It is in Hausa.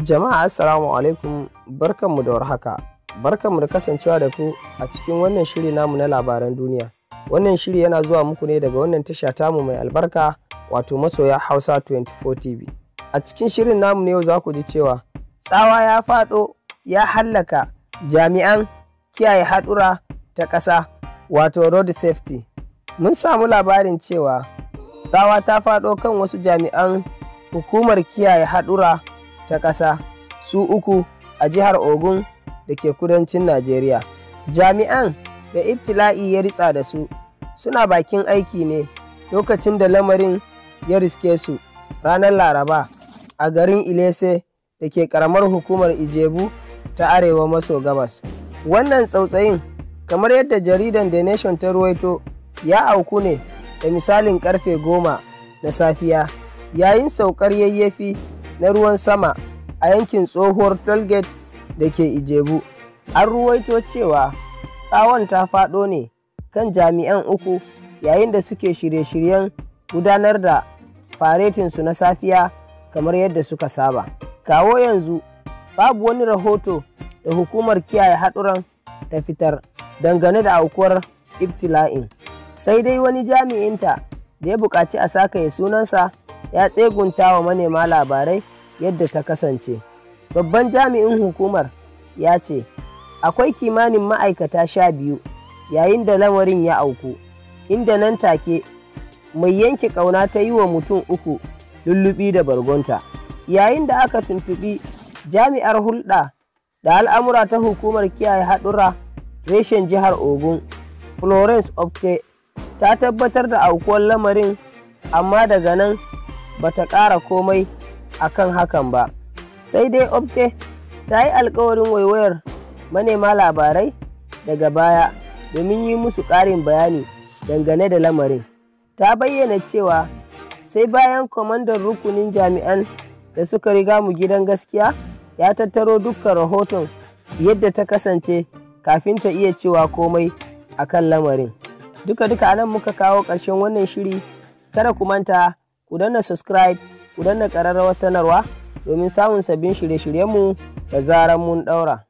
Jama'a assalamu alaikum barkanmu da warhaka. Barkanmu da kasancewa da ku a cikin wannan shiri namu na labaran duniya. Wannan shiri yana zuwa muku ne daga wannan tasha tamu mai albarka wato masoya Hausa 24 TV. A cikin shirin namu ne yau za ku ji cewa tsawa ya faɗo ya hallaka jami'an kiyaye haɗura ta ƙasa wato road safety. Mun samu labarin cewa tsawa ta faɗo kan wasu jami'an hukumar kiyaye haɗura ta ƙasa su uku a jihar Ogun da ke kudancin Najeriya. Jami'an da ibtila'i ya ritsa da su suna bakin aiki ne lokacin da lamarin ya riske su ranar Laraba a garin Ilese da ke ƙaramar hukumar Ijebu ta arewa maso gabas. Wannan tsautsayin kamar yadda jaridan The Nation ta ruwaito ya auku ne da misalin ƙarfe goma na safiya yayin saukar yayyafi na ruwan sama a yankin tsohuwar tollgate da ke Ijebu. An ruwaito cewa tsawon ta faɗo ne kan jami'an uku yayin da suke shirye-shiryen gudanar da faretinsu na safiya kamar yadda suka saba. Kawo yanzu babu wani rahoto da hukumar kiyaye haɗuran ta fitar dangane da aukuwar ibtila'in sai dai wani jami'inta da ya buƙaci a sakaye sunansa ya tsegunta wa manema labarai yadda ta kasance babban jami'in hukumar ya ce akwai kimanin ma'aikata sha biyu yayin da lamarin ya auku inda nan take mai yanke ƙauna ta yi wa mutum uku lullubi da bargonta yayin da aka tuntubi jami'ar hulɗa da al'amura ta hukumar kiyaye haɗura reshen jihar ogun florence opke ta tabbatar da aukuwar lamarin amma daga nan bata ƙara komai akan hakan ba sai dai obke ta yi alkawarin waiwayar manema labarai daga baya domin yi musu ƙarin bayani dangane da lamarin ta bayyana cewa sai bayan kwamandan rukunin jami'an da suka riga mu gidan gaskiya ya tattaro dukkan rahoton yadda ta kasance kafin ta iya cewa komai akan lamarin duka duka anan muka kawo ƙarshen wannan shiri kada ku manta ku danna subscribe ku danna ƙararrawar sanarwa domin samun sabbin shirye-shiryenmu da zarar mun ɗaura.